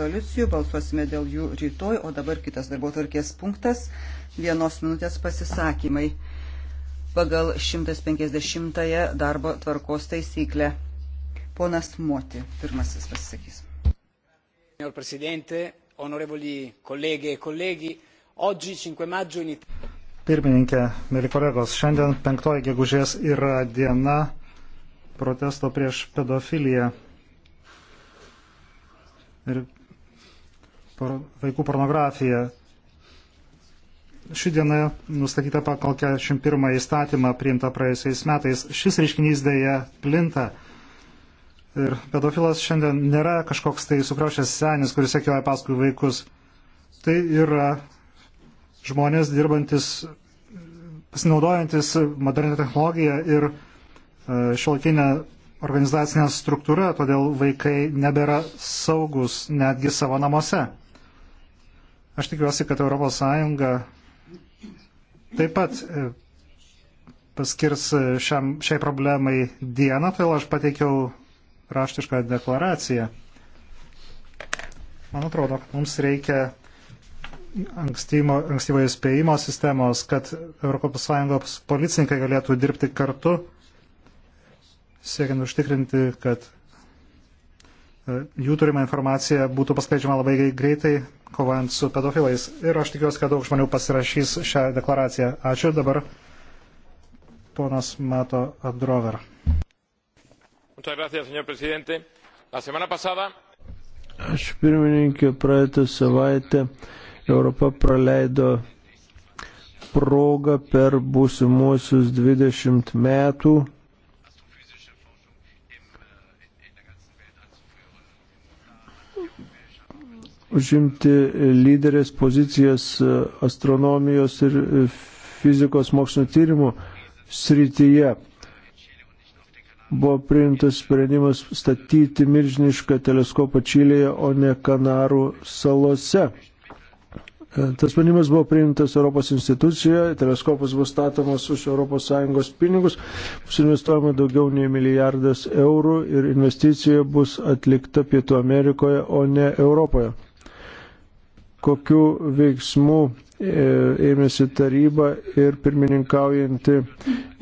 rezoliucijų, balsuosime dėl jų rytoj, o dabar kitas darbo tvarkės punktas - vienos minutės pasisakymai pagal 150-ąją darbo tvarkos taisyklę. Ponas Moti, pirmasis pasisakys. E Pirmininkė, mėly kolegos, šiandien 5 gegužės yra diena protesto prieš pedofiliją ir vaikų pornografiją. Ši diena nustatyta pagal 41 įstatymą priimta praėjusiais metais. Šis reiškinys dėja plinta. Ir pedofilas šiandien nėra kažkoks tai sukraušęs senis, kuris sekioja paskui vaikus. Tai yra žmonės dirbantis, pasinaudojantis modernę technologiją ir e, šiolkinę organizacinę struktūrą, todėl vaikai nebėra saugus netgi savo namuose. Aš tikiuosi, kad ES taip pat e, paskirs e, šiam, šiai problemai dieną, todėl aš pateikiau raštišką deklaraciją. Man atrodo, kad mums reikia ankstyvo, ankstyvo įspėjimo sistemos, kad ES policininkai galėtų dirbti kartu, siekiant užtikrinti, kad jų turima informacija būtų paskleidžiama labai greitai, kovojant su pedofilais. Ir aš tikiuosi, kad daug žmonių pasirašys šią deklaraciją. Ačiū dabar ponas Mato Adrover. Aš pirmininkė praeitą savaitę Europa praleido progą per būsimuosius 20 metų užimti lyderės pozicijas e, astronomijos ir e, fizikos mokslo tyrimų srityje. Buvo priimtas sprendimas statyti milžinišką teleskopą Čilėje, o ne Kanarų salose. Tas sprendimas buvo priimtas Europos institucijoje, teleskopas bus statomas už ES pinigus, bus investuojama daugiau nei milijardas eurų ir investicija bus atlikta Pietų Amerikoje, o ne Europoje. Kokiu veiksmu E, ėmėsi taryba ir pirmininkaujanti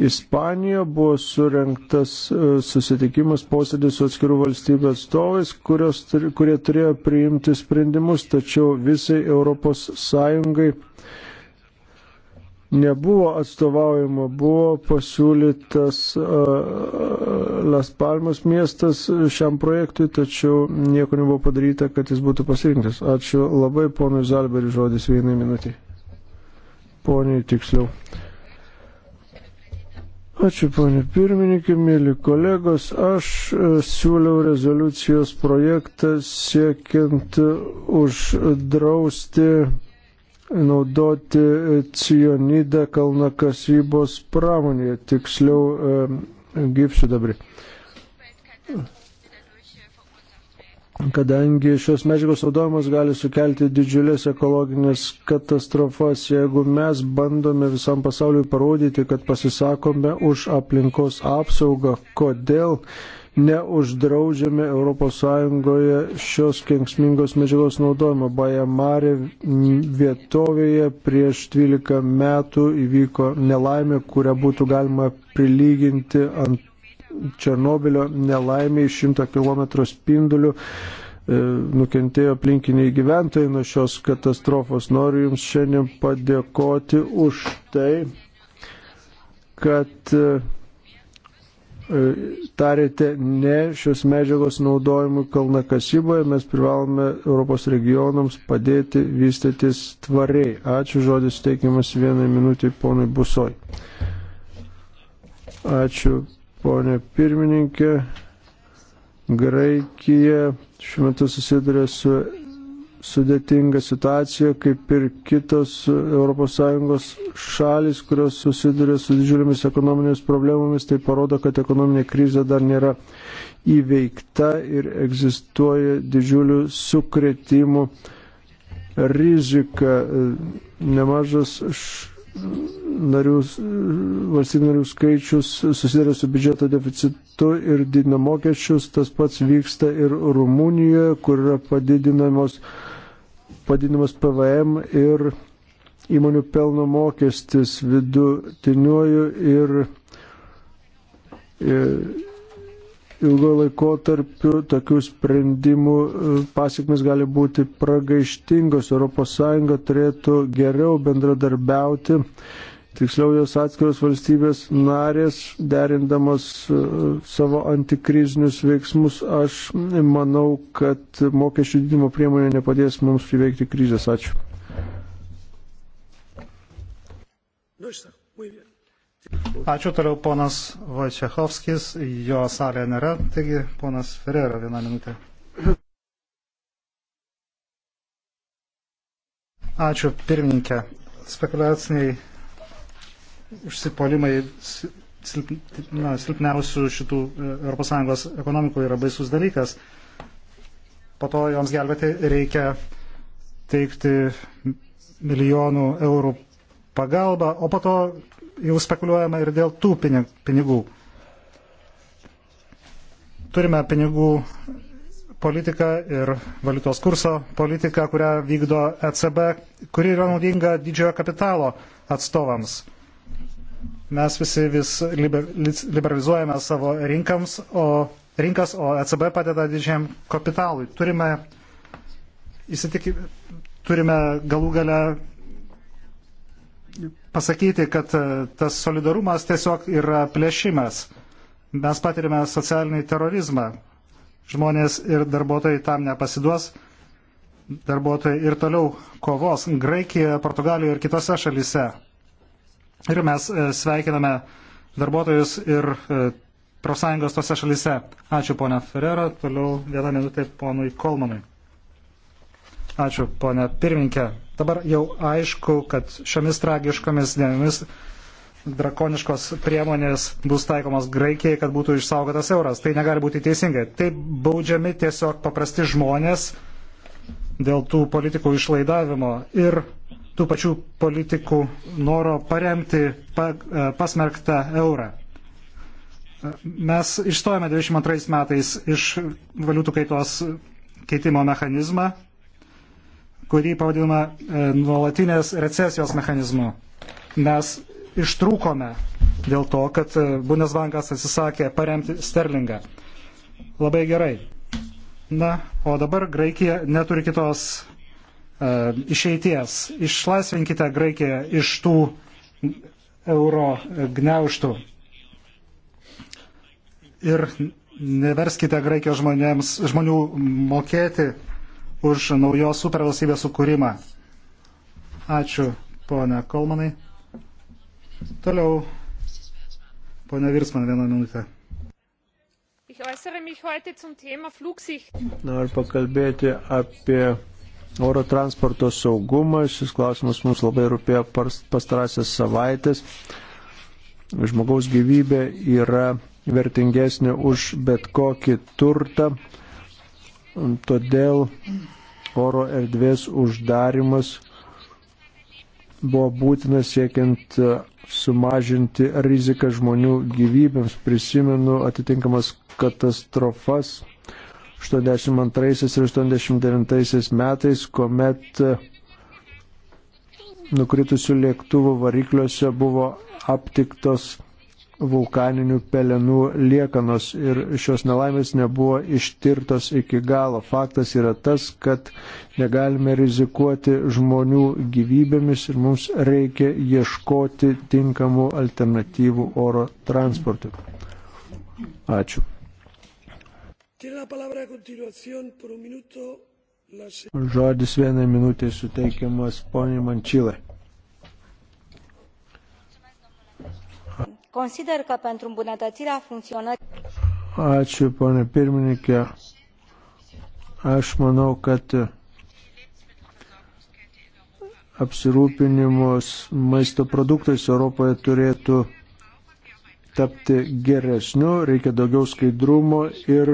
Ispanija buvo surinktas e, susitikimas posėdis su atskirų valstybių atstovais, kurios, kurie turėjo priimti sprendimus, tačiau visai Europos Sąjungai nebuvo atstovaujama, buvo pasiūlytas e, Las Palmas miestas šiam projektui, tačiau nieko nebuvo padaryta, kad jis būtų pasirinktas. Ačiū labai, ponui Zalberiui, žodis vienai minutiai poniai tiksliau. Ačiū, ponė pirmininkė, mėly kolegos. Aš e, siūliau rezoliucijos projektą siekiant uždrausti naudoti cionidą kalnakasybos pramonėje, tiksliau e, gipsiu dabar kadangi šios medžiagos naudojimas gali sukelti didžiulės ekologinės katastrofas, jeigu mes bandome visam pasauliu parodyti, kad pasisakome už aplinkos apsaugą, kodėl neuždraudžiame ES šios kenksmingos medžiagos naudojimo. Bajamarė vietovėje prieš 12 metų įvyko nelaimė, kurią būtų galima prilyginti ant Černobilio nelaimiai 100 km spinduliu e, nukentėjo aplinkiniai gyventojai nuo šios katastrofos. Noriu Jums šiandien padėkoti už tai, kad e, e, tarėte ne šios medžiagos naudojimui kalnakasyboje, mes privalome Europos regionams padėti vystytis tvariai. Ačiū žodis teikiamas vienai minutiai ponui Busoj. Ačiū ponė pirmininkė. Graikija šiuo metu susiduria su sudėtinga situacija, kaip ir kitos ES šalis, kurios susiduria su didžiulėmis ekonominėmis problemomis, tai parodo, kad ekonominė krizė dar nėra įveikta ir egzistuoja didžiulių sukretimų rizika. Nemažas š narių, valstybių narių skaičius susidarė su biudžeto deficitu ir didina mokesčius. Tas pats vyksta ir Rumunijoje, kur yra padidinamos, padidinamas PVM ir įmonių pelno mokestis vidutiniuoju ir, ir ilgo laiko tarpiu tokių sprendimų e, pasiekmes gali būti pragaištingos. ES turėtų geriau bendradarbiauti, tiksliau jos atskiros valstybės narės, derindamos e, savo antikrizinius veiksmus. Aš manau, kad mokesčių didimo priemonė nepadės mums įveikti krizės. Ačiū. Nu, Ačiū toliau ponas Vojčiachovskis, jo salėje nėra, taigi ponas Ferrera vieną minutę. Ačiū pirmininkė. Spekuliaciniai užsipolimai silp, na, silpniausių šitų ES ekonomikų yra baisus dalykas. Po to joms gelbėti reikia teikti milijonų eurų pagalbą, o po to jau spekuliuojama ir dėl tų pinigų. Turime pinigų politiką ir valiutos kurso politiką, kurią vykdo ECB, kuri yra naudinga didžiojo kapitalo atstovams. Mes visi vis liberalizuojame savo rinkams, o rinkas, o ECB padeda didžiam kapitalui. Turime, įsitik, turime galų gale pasakyti, kad e, tas solidarumas tiesiog yra plėšimas. Mes patirime socialinį terorizmą. Žmonės ir darbuotojai tam nepasiduos. Darbuotojai ir toliau kovos Graikijoje, Portugalijoje ir kitose šalise. Ir mes e, sveikiname darbuotojus ir e, profsąjungos tose šalise. Ačiū ponia Ferrera. Toliau vieną minutę ponui Kolmanui. Ačiū, ponia pirminkė. Dabar jau aišku, kad šiomis tragiškomis dienomis drakoniškos priemonės bus taikomas Graikijai, kad būtų išsaugotas euras. Tai negali būti teisingai. Taip baudžiami tiesiog paprasti žmonės dėl tų politikų išlaidavimo ir tų pačių politikų noro paremti pa, e, pasmerktą eurą. Mes išstojame 22 metais iš valiutų kaitos keitimo mechanizmą kurį pavadiname e, nuolatinės recesijos mechanizmu. Mes ištrūkome dėl to, kad e, Bundesbankas atsisakė paremti sterlingą. Labai gerai. Na, o dabar Graikija neturi kitos uh, išeities. Išlaisvinkite Graikiją iš tų euro gneuštų. Ir neverskite Graikijos žmonėms, žmonių mokėti uh, už naujos supervalstybės sukūrimą. Ačiū, ponia Kolmanai. Toliau, ponia Virsman, vieną minutę. Noriu pakalbėti apie oro transporto saugumą. Šis klausimas mums labai rūpėjo pastarąsias savaitės. Žmogaus gyvybė yra vertingesnė už bet kokį turtą. Todėl oro erdvės uždarimas buvo būtinas siekiant e, sumažinti riziką žmonių gyvybėms. Prisimenu atitinkamas katastrofas 82 ir 89 metais, kuomet e, nukritusių lėktuvų varikliuose buvo aptiktos vulkaninių pelenų liekanos ir šios nelaimės nebuvo ištirtos iki galo. Faktas yra tas, kad negalime rizikuoti žmonių gyvybėmis ir mums reikia ieškoti tinkamų alternatyvų oro transportui. Ačiū. Žodis vienai minutė suteikiamas poniai Mančilai. Consider că pentru îmbunătățirea funcționării. Ačiū, ponė pirmininkė. Aš manau, kad apsirūpinimus maisto produktais Europoje turėtų tapti geresniu, reikia daugiau skaidrumo ir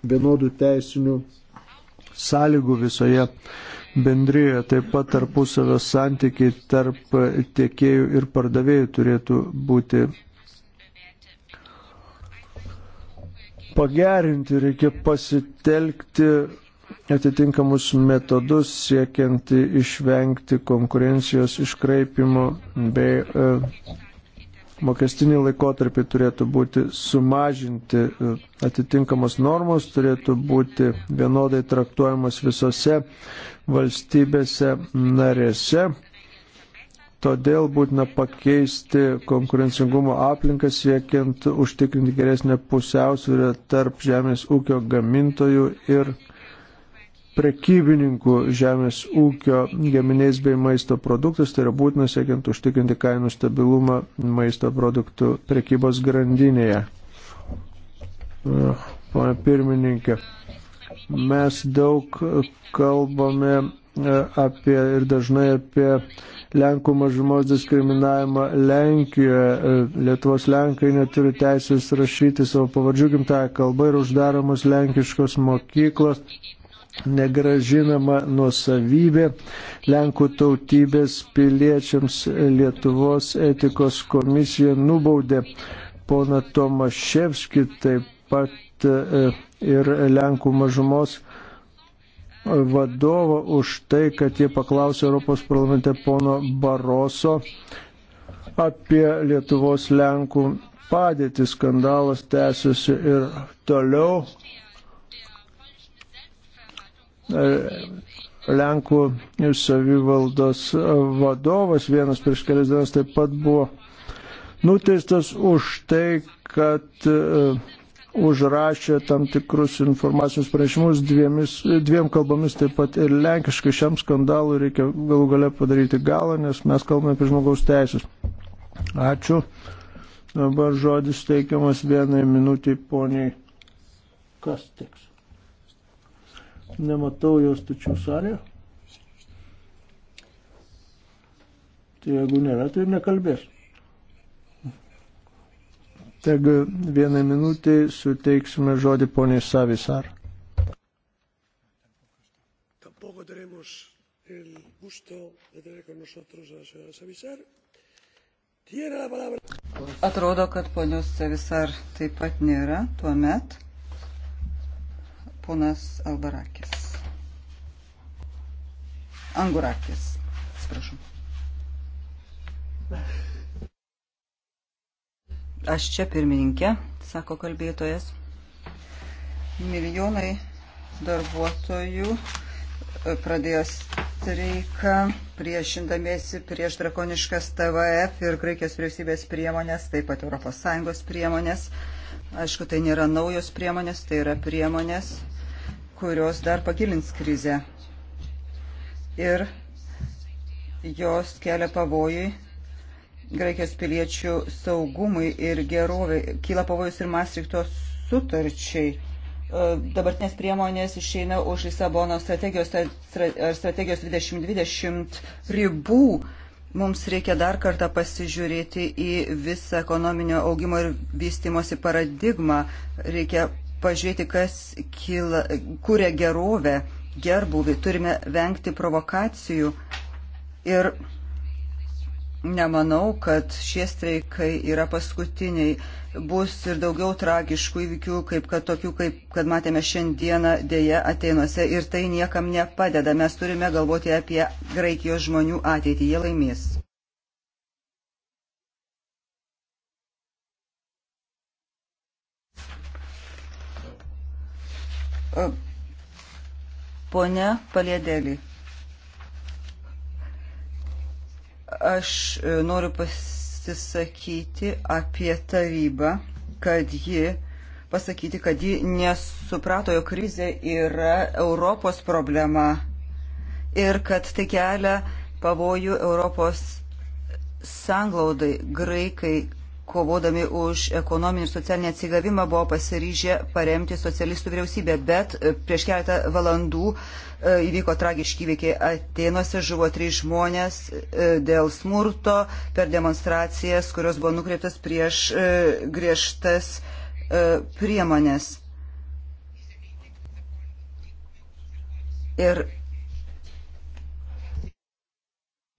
vienodų teisinių sąlygų visoje bendrijoje. Taip pat tarpusavio santykiai tarp tiekėjų ir pardavėjų turėtų būti pagerinti, reikia pasitelkti atitinkamus metodus siekiant išvengti konkurencijos iškraipimo bei e, mokestiniai laikotarpiai turėtų būti sumažinti, e, atitinkamos normos turėtų būti vienodai traktuojamos visose valstybėse narėse. Todėl būtina pakeisti konkurencingumo aplinką siekiant užtikrinti geresnę pusiausvyrę tarp žemės ūkio gamintojų ir gamintojų prekybininkų žemės ūkio gaminiais bei maisto produktus, tai yra būtina siekiant užtikrinti kainų stabilumą maisto produktų prekybos grandinėje. Pane pirmininkė, mes daug kalbame e, apie ir dažnai apie Lenkų mažumos diskriminavimą Lenkijoje. E, Lietuvos Lenkai neturi teisės rašyti savo pavardžių gimtąją kalbą ir uždaromos lenkiškos mokyklos negražinama nuosavybė Lenkų tautybės piliečiams Lietuvos etikos komisija nubaudė pona Tomaševski taip pat e, ir Lenkų mažumos vadovą už tai, kad jie paklausė Europos parlamente pono Baroso apie Lietuvos Lenkų padėtį. Skandalas tęsiasi ir toliau. Lenkų savivaldos vadovas vienas prieš kelias dienas taip pat buvo nuteistas už tai, kad e, užrašė tam tikrus informacinius pranešimus dviemis, dviem kalbomis, taip pat ir lenkiškai šiam skandalui reikia galų gale padaryti galą, nes mes kalbame apie žmogaus teisės. Ačiū. Dabar žodis teikiamas vienai minutiai poniai Kasteks. Nematau jos tačių salėje. Tai jeigu nėra, tai ir nekalbės. Tegu vieną minutę suteiksime žodį poniai Savisar. Tampoco tenemos el gusto de tener con nosotros a la señora Savisar. Atrodo, kad ponios Savisar taip pat nėra tuo metu ponas Albarakis. Angurakis, atsiprašau. Aš čia pirmininkė, sako kalbėtojas. Milijonai darbuotojų e, pradėjo streiką priešindamiesi prieš drakoniškas TVF ir Graikijos vyriausybės priemonės, taip pat ES priemonės. Aišku, tai nėra naujos priemonės, tai yra priemonės, kurios dar pagilins krizę. Ir jos kelia pavojui Graikijos piliečių saugumui ir gerovai. Kyla pavojus ir Mastrichto sutarčiai. E, dabartinės priemonės išeina už Lisabono strategijos ar e, strategijos 2020 ribų. Mums reikia dar kartą pasižiūrėti į visą ekonominio augimo ir vystimosi paradigmą. Reikia pažiūrėti, kas kyla, kuria gerovę, gerbuvį, turime vengti provokacijų ir nemanau, kad šie streikai yra paskutiniai. Bus ir daugiau tragiškų įvykių, kaip kad tokių, kaip kad matėme šiandieną dėje ateinuose ir tai niekam nepadeda. Mes turime galvoti apie Graikijos žmonių ateitį. Jie laimės. Pone Palėdėlį. Aš e, noriu pasisakyti apie tarybą, kad ji, pasakyti, kad ji nesuprato, jo krizė yra Europos problema ir kad tai kelia pavojų Europos sanglaudai. Graikai kovodami už ekonominį ir socialinį atsigavimą, buvo pasiryžę paremti socialistų vyriausybę, bet e, prieš keletą valandų e, įvyko tragiški įvykiai. Atenuose žuvo trys žmonės e, dėl smurto per demonstracijas, kurios buvo nukreiptas prieš griežtas priemonės. Ir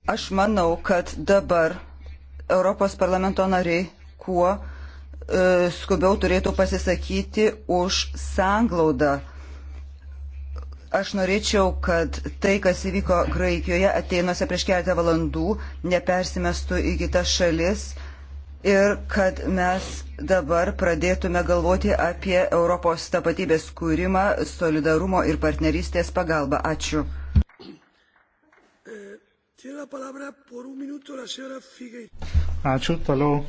aš manau, kad dabar Europos parlamento nariai kuo e, skubiau turėtų pasisakyti už sanglaudą. Aš norėčiau, kad tai, kas įvyko Graikijoje ateinuose prieš keletą valandų, nepersimestų į kitas šalis ir kad mes dabar pradėtume galvoti apie Europos tapatybės kūrimą, solidarumo ir partnerystės pagalbą. Ačiū. Ačiū. Toliau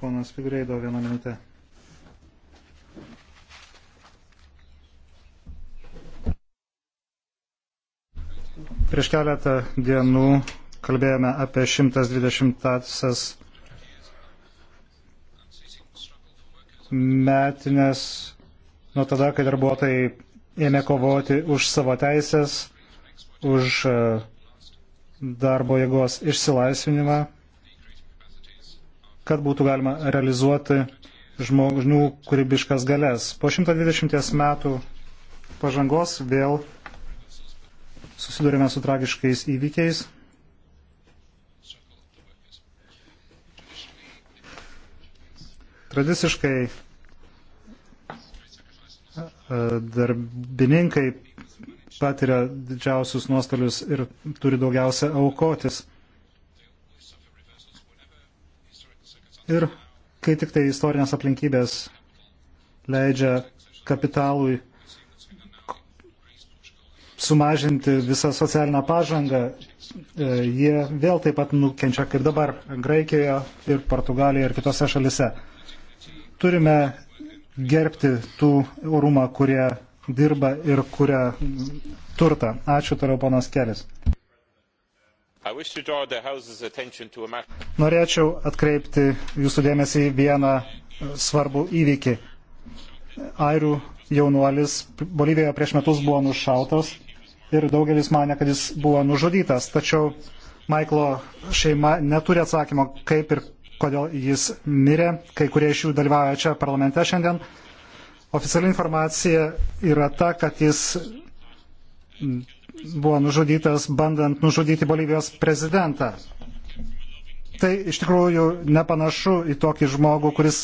Ponas Figreido vieną minutę. Prieš keletą dienų kalbėjome apie 120-asias metinės nuo tada, kai darbuotojai ėmė kovoti už savo teisės, už e, darbo jėgos išsilaisvinimą kad būtų galima realizuoti žmonių kūrybiškas galės. Po 120 metų pažangos vėl susidurime su tragiškais įvykiais. Tradiciškai e, darbininkai patiria didžiausius nuostolius ir turi daugiausia aukotis. Ir kai tik tai istorinės aplinkybės leidžia kapitalui sumažinti visą socialinę pažangą, e, jie vėl taip pat nukenčia kaip dabar Graikijoje ir Portugalijoje ir kitose šalise. Turime gerbti tų orumą, kurie dirba ir kuria turtą. Ačiū toliau, ponas Kelis. Norėčiau atkreipti jūsų dėmesį į vieną e, svarbų įvykį. Airių jaunuolis Bolivijoje prieš metus buvo nušautas ir daugelis mane, kad jis buvo nužudytas. Tačiau Maiklo šeima neturi atsakymo, kaip ir kodėl jis mirė. Kai kurie iš jų dalyvauja čia parlamente šiandien. Oficiali informacija yra ta, kad jis buvo nužudytas bandant nužudyti Bolivijos prezidentą. Tai iš tikrųjų nepanašu į tokį žmogų, kuris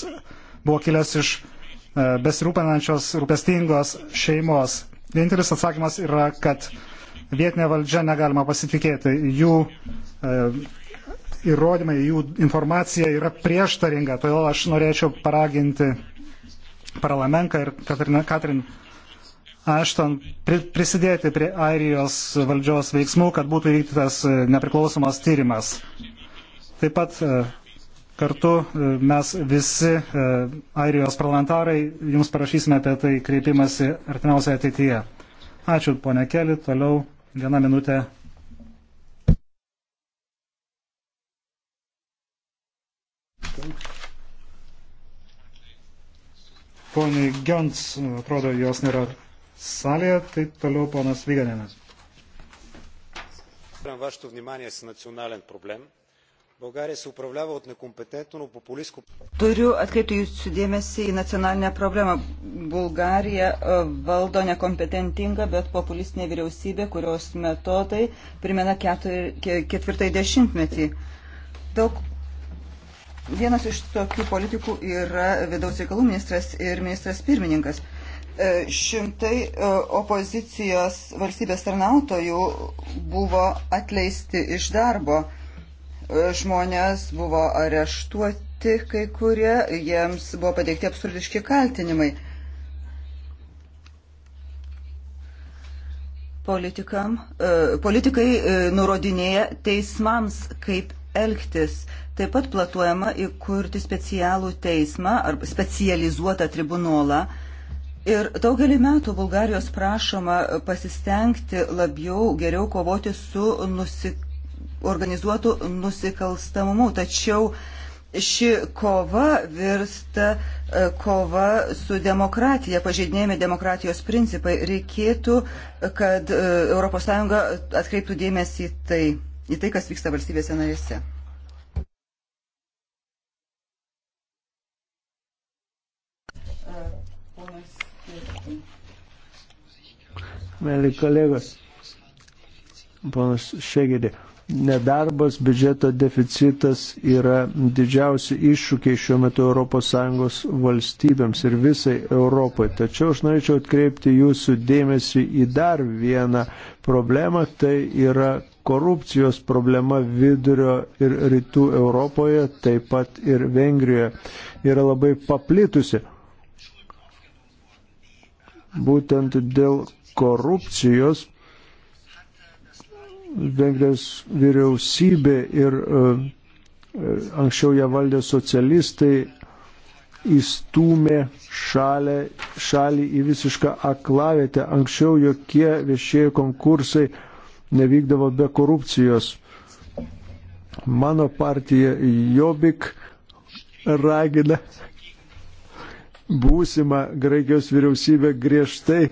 buvo kilęs iš e, besirūpinančios rūpestingos šeimos. Vienintelis atsakymas yra, kad vietinė valdžia negalima pasitikėti. Jų e, įrodymai, jų informacija yra prieštaringa. Todėl aš norėčiau paraginti parlamentą ir Katrin, Katrin Ašton prisidėti prie Airijos valdžios veiksmų, kad būtų įvykdytas e, nepriklausomas tyrimas. Taip pat e, kartu e, mes visi Airijos parlamentarai jums parašysime apie tai kreipimąsi artimiausioje ateityje. Ačiū, ponia Keli, toliau viena minutė. Poniai Gens, atrodo, jos nėra salėje. Taip toliau ponas Vyganinas. Вашето внимание с национален проблем. България се управлява от некомпетентно, но популистско... Turiu atkreipti jūsų dėmesį į nacionalinę problemą. Bulgarija e, valdo nekompetentinga, bet populistinė vyriausybė, kurios metodai primena ketur, ketvirtai dešimtmetį. Daug Vienas iš tokių politikų yra vidaus reikalų ministras ir ministras pirmininkas. E, šimtai e, opozicijos valstybės tarnautojų buvo atleisti iš darbo. E, žmonės buvo areštuoti kai kurie, jiems buvo pateikti absurdiški kaltinimai. politikam, politikai nurodinėja teismams, kaip elgtis. Taip pat platuojama įkurti specialų teismą ar specializuotą tribunolą Ir daugelį metų Bulgarijos prašoma pasistengti labiau, geriau kovoti su nusik organizuotų nusikalstamumu. Tačiau ši kova virsta e, kova su demokratija, pažeidinėjami demokratijos principai. Reikėtų, kad ES atkreiptų dėmesį į tai, į tai, kas vyksta valstybėse narėse. mėly kolegos, ponas Šegedė, nedarbas, biudžeto deficitas yra didžiausi iššūkiai šiuo metu ES valstybėms ir visai Europai. Tačiau aš norėčiau atkreipti jūsų dėmesį į dar vieną problemą, tai yra korupcijos problema vidurio ir rytų Europoje, taip pat ir Vengrijoje, yra labai paplitusi. Būtent dėl korupcijos. Vengrijos vyriausybė ir e, e, anksčiau ją valdė socialistai įstūmė šalę, šalį į visišką aklavietę. Anksčiau jokie viešieji konkursai nevykdavo be korupcijos. Mano partija Jobik ragina būsimą Graikijos vyriausybę griežtai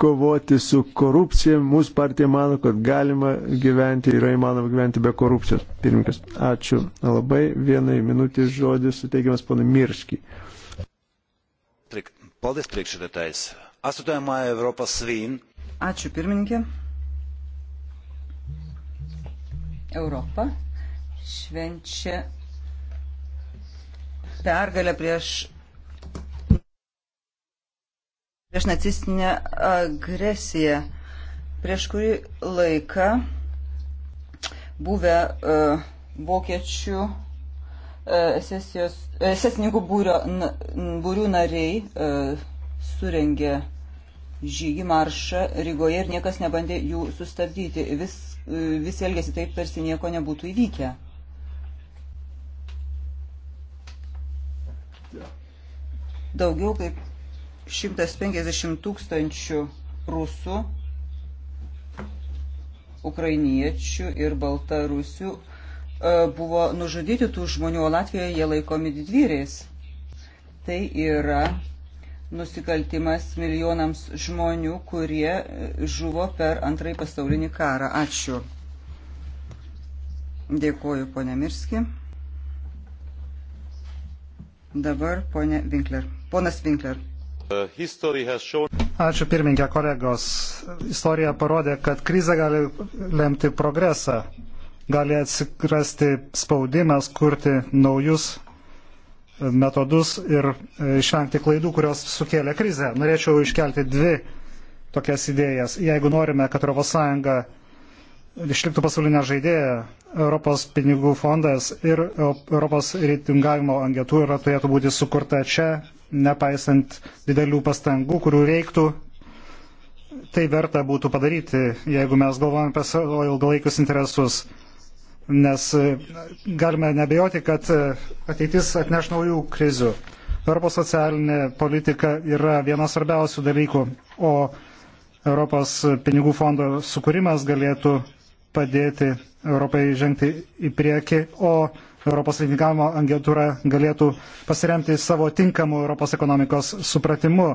kovoti su korupcija. Mūsų partija mano, kad galima gyventi, yra įmanoma gyventi be korupcijos. Pirmininkas, ačiū labai. Vienai minutį žodį suteikiamas ponui Mirškiai. Paldies priekšrėtais. Asociuojama Europos svin. Ačiū pirmininkė. Europa švenčia pergalę prieš prieš nacistinę agresiją. Prieš kurį laiką buvę uh, vokiečių uh, sesijos, uh, sesininkų būrio, na, būrių nariai uh, surengė žygį maršą Rygoje ir niekas nebandė jų sustabdyti. Vis, uh, visi elgėsi taip, tarsi nieko nebūtų įvykę. Daugiau kaip 150 tūkstančių rusų, ukrainiečių ir baltarusių e, buvo nužudyti tų žmonių, o Latvijoje jie laikomi didvyriais. Tai yra nusikaltimas milijonams žmonių, kurie e, žuvo per antrąjį pasaulinį karą. Ačiū. Dėkuoju, ponė Mirski. Dabar ponė Winkler. Ponas Winkler. Ačiū pirmininkė kolegos. Istorija parodė, kad krizė gali lemti progresą, gali atsikrasti spaudimas kurti naujus metodus ir išvengti klaidų, kurios sukėlė krizę. Norėčiau iškelti dvi tokias idėjas. Jeigu norime, kad ES išliktų pasaulinę žaidėją, Europos pinigų fondas ir Europos reitingavimo agentūra turėtų būti sukurta čia nepaisant didelių pastangų, kurių reiktų, tai verta būtų padaryti, jeigu mes galvojame apie savo ilgalaikius interesus. Nes e, galime nebejoti, kad e, ateitis atneš naujų krizių. Europos socialinė politika yra vienas svarbiausių dalykų, o Europos pinigų fondo sukūrimas galėtų padėti Europai žengti į priekį, o Europos reitingavimo agentūra galėtų pasiremti savo tinkamu Europos ekonomikos supratimu.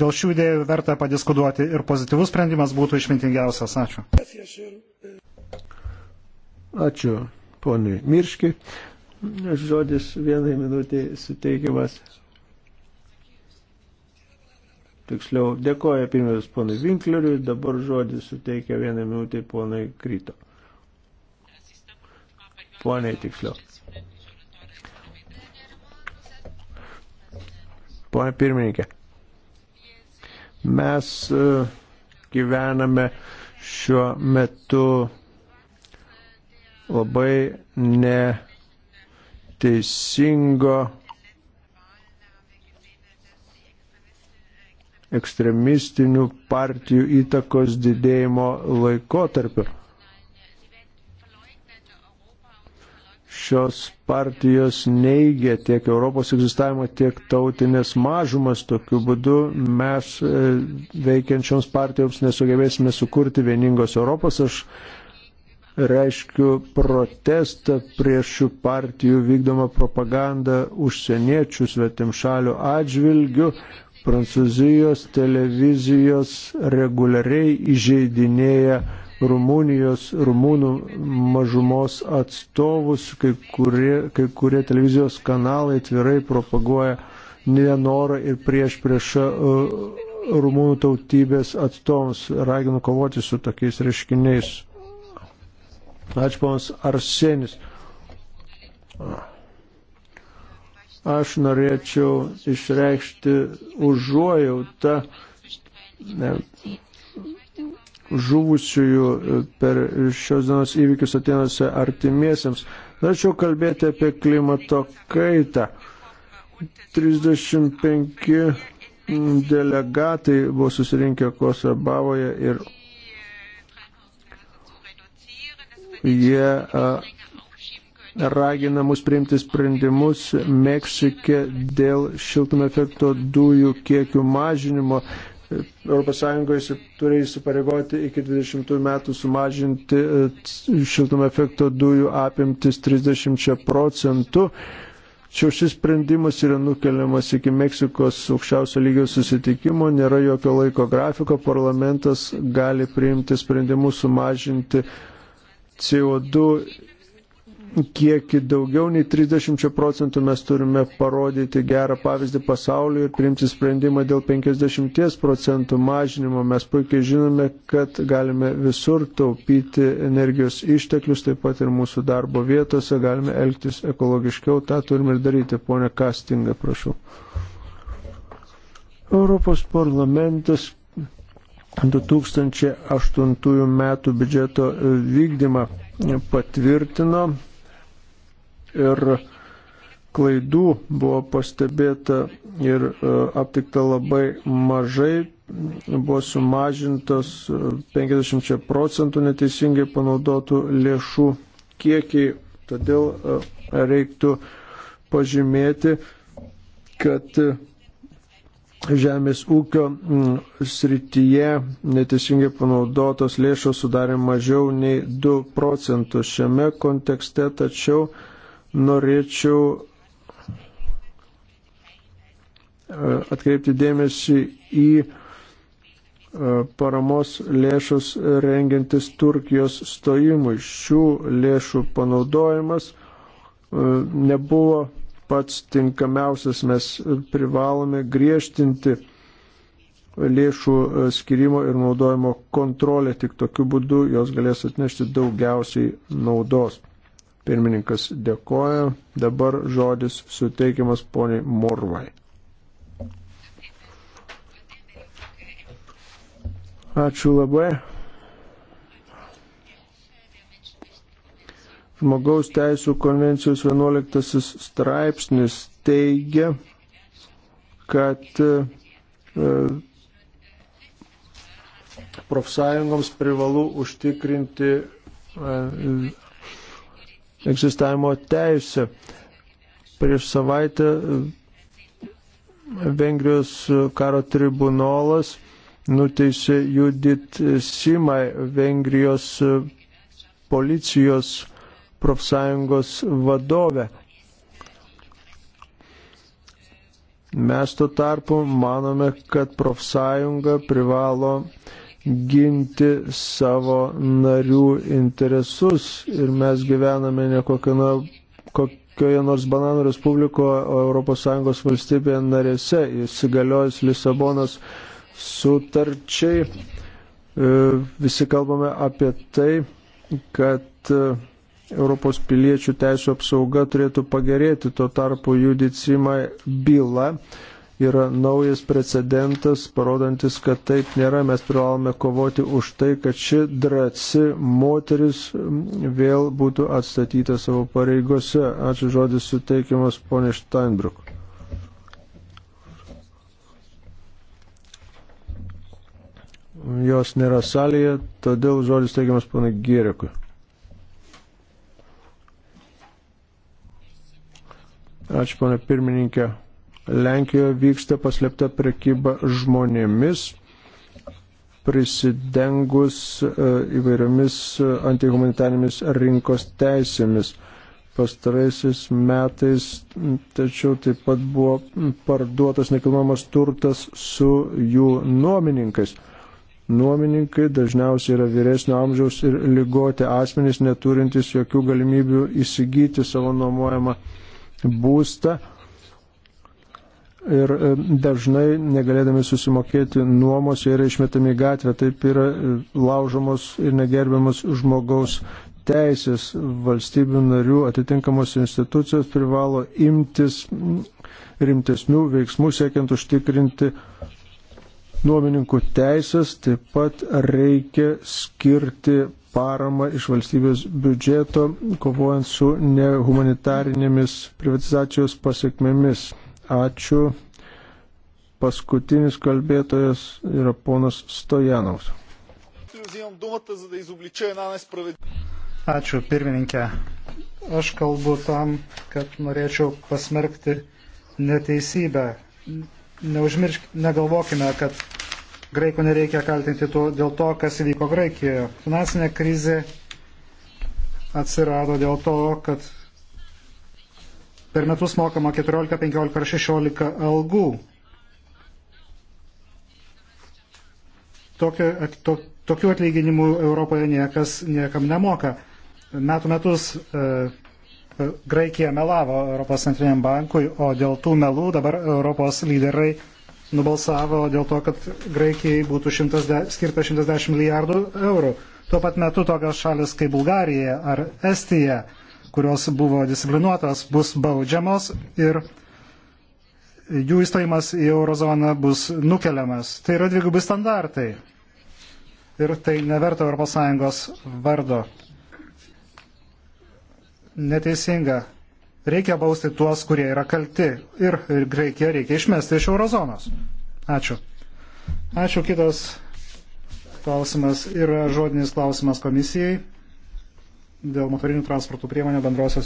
Dėl šių idėjų verta padiskutuoti ir pozityvus sprendimas būtų išmintingiausias. Ačiū. Ačiū, poniai Mirškiai. Žodis vienai minutiai suteikiamas. Tiksliau, dėkoja pirmiausia ponui Vinkleriui, dabar žodį suteikia vieną minutę ponui Kryto poniai tiksliau. Pone pirmininkė, mes e, gyvename šiuo metu labai neteisingo ekstremistinių partijų įtakos didėjimo laikotarpiu. šios partijos neigia tiek Europos egzistavimą, tiek tautinės mažumas. Tokiu būdu mes e, veikiančioms partijoms nesugebėsime sukurti vieningos Europos. Aš reiškiu protestą prieš šių partijų vykdomą propagandą užsieniečių svetimšalių atžvilgių. Prancūzijos televizijos reguliariai įžeidinėja Rumunijos, rumūnų mažumos atstovus, kai kurie, kai kurie televizijos kanalai tvirai propaguoja nenorą ir prieš priešą e, rumūnų tautybės atstovams. Raginu kovoti su tokiais reiškiniais. Ačiū, ponas Arsenis. Aš norėčiau išreikšti užuojautą žuvusiųjų e, per šios dienos įvykius atėnuose artimiesiems. Norėčiau kalbėti apie klimato kaitą. 35 delegatai buvo susirinkę Kosabavoje ir jie ragina mus priimti sprendimus Meksike dėl šiltame efekto dujų kiekių mažinimo, ES turi įsipareigoti iki 20 metų sumažinti e, šiltumo efekto dujų apimtis 30 procentų. Čia šis sprendimas yra nukeliamas iki Meksikos aukščiausio lygio susitikimo, nėra jokio laiko grafiko, parlamentas gali priimti sprendimus sumažinti CO2 kiekį daugiau nei 30 procentų mes turime parodyti gerą pavyzdį pasauliu ir priimti sprendimą dėl 50 procentų mažinimo. Mes puikiai žinome, kad galime visur taupyti energijos išteklius, taip pat ir mūsų darbo vietose, galime elgtis ekologiškiau, tą turime ir daryti. Pone Kastinga, prašau. Europos parlamentas 2008 metų biudžeto vykdymą patvirtino ir klaidų buvo pastebėta ir e, aptikta labai mažai, buvo sumažintas 50 e, procentų neteisingai panaudotų lėšų kiekiai, todėl e, reiktų pažymėti, kad žemės ūkio srityje neteisingai panaudotos lėšos sudarė mažiau nei 2 procentus šiame kontekste, tačiau norėčiau e, atkreipti dėmesį į e, paramos lėšus rengiantis Turkijos stojimui. Šių lėšų panaudojimas e, nebuvo pats tinkamiausias. Mes privalome griežtinti lėšų skirimo ir naudojimo kontrolę. Tik tokiu būdu jos galės atnešti daugiausiai naudos. Pirmininkas dėkoja. Dabar žodis suteikiamas poniai Morvai. Ačiū labai. Žmogaus teisų konvencijos 11 straipsnis teigia, kad e, profsąjungoms privalu užtikrinti e, egzistavimo teisę. Prieš savaitę Vengrijos karo tribunolas nuteisė Judit Simai, Vengrijos policijos profsąjungos vadovę. Mes tuo tarpu manome, kad profsąjunga privalo ginti savo narių interesus ir mes gyvename ne kokioje nors bananų respublikoje, o ES valstybėje narėse įsigaliojus Lisabonos sutarčiai. E, visi kalbame apie tai, kad e, Europos piliečių teisų apsauga turėtų pagerėti, tuo tarpu judicima byla yra naujas precedentas, parodantis, kad taip nėra. Mes privalome kovoti už tai, kad ši drasi moteris vėl būtų atstatyta savo pareigose. Ačiū žodis suteikiamas ponė Steinbruk. Jos nėra salėje, todėl žodis teikiamas ponai Gėrikui. Ačiū, ponė pirmininkė. Lenkijoje vyksta paslėpta prekyba žmonėmis, prisidengus e, įvairiomis e, antihumanitarėmis rinkos teisėmis. Pastaraisiais metais tačiau taip pat buvo parduotas nekilnojamas turtas su jų nuomininkais. Nuomininkai dažniausiai yra vyresnio amžiaus ir lygoti asmenys neturintys jokių galimybių įsigyti savo nuomojamą būstą ir e, dažnai negalėdami susimokėti nuomos jie yra išmetami į gatvę, taip yra e, laužomos ir negerbiamos žmogaus teisės valstybių narių atitinkamos institucijos privalo imtis rimtesnių veiksmų siekiant užtikrinti nuomininkų teisės, taip pat reikia skirti paramą iš valstybės biudžeto, kovojant su nehumanitarinėmis privatizacijos pasiekmėmis. Ačiū. Paskutinis kalbėtojas yra ponas Stojanovs. Ačiū, pirmininkė. Aš kalbu tam, kad norėčiau pasmerkti neteisybę. Neužmiršk, negalvokime, kad graikų nereikia kaltinti to, dėl to, kas įvyko Graikijoje. Finansinė krizė atsirado dėl to, kad per metus mokama 14, 15 ar 16 algų. Tokio, to, tokių atlyginimų Europoje niekas niekam nemoka. Metų metus e, e, Graikija melavo Europos centriniam bankui, o dėl tų melų dabar Europos lyderai nubalsavo dėl to, kad Graikijai būtų de, skirta 110 milijardų eurų. Tuo pat metu tokios šalis kaip Bulgarija ar Estija kurios buvo disciplinuotos, bus baudžiamos ir jų įstojimas į eurozoną bus nukeliamas. Tai yra dvigubi standartai. Ir tai neverta ES vardo. Neteisinga. Reikia bausti tuos, kurie yra kalti. Ir, ir Graikiją reikia išmesti iš eurozonos. Ačiū. Ačiū. Kitas klausimas yra žodinis klausimas komisijai dėl motorinių transporto priemonių bendrosios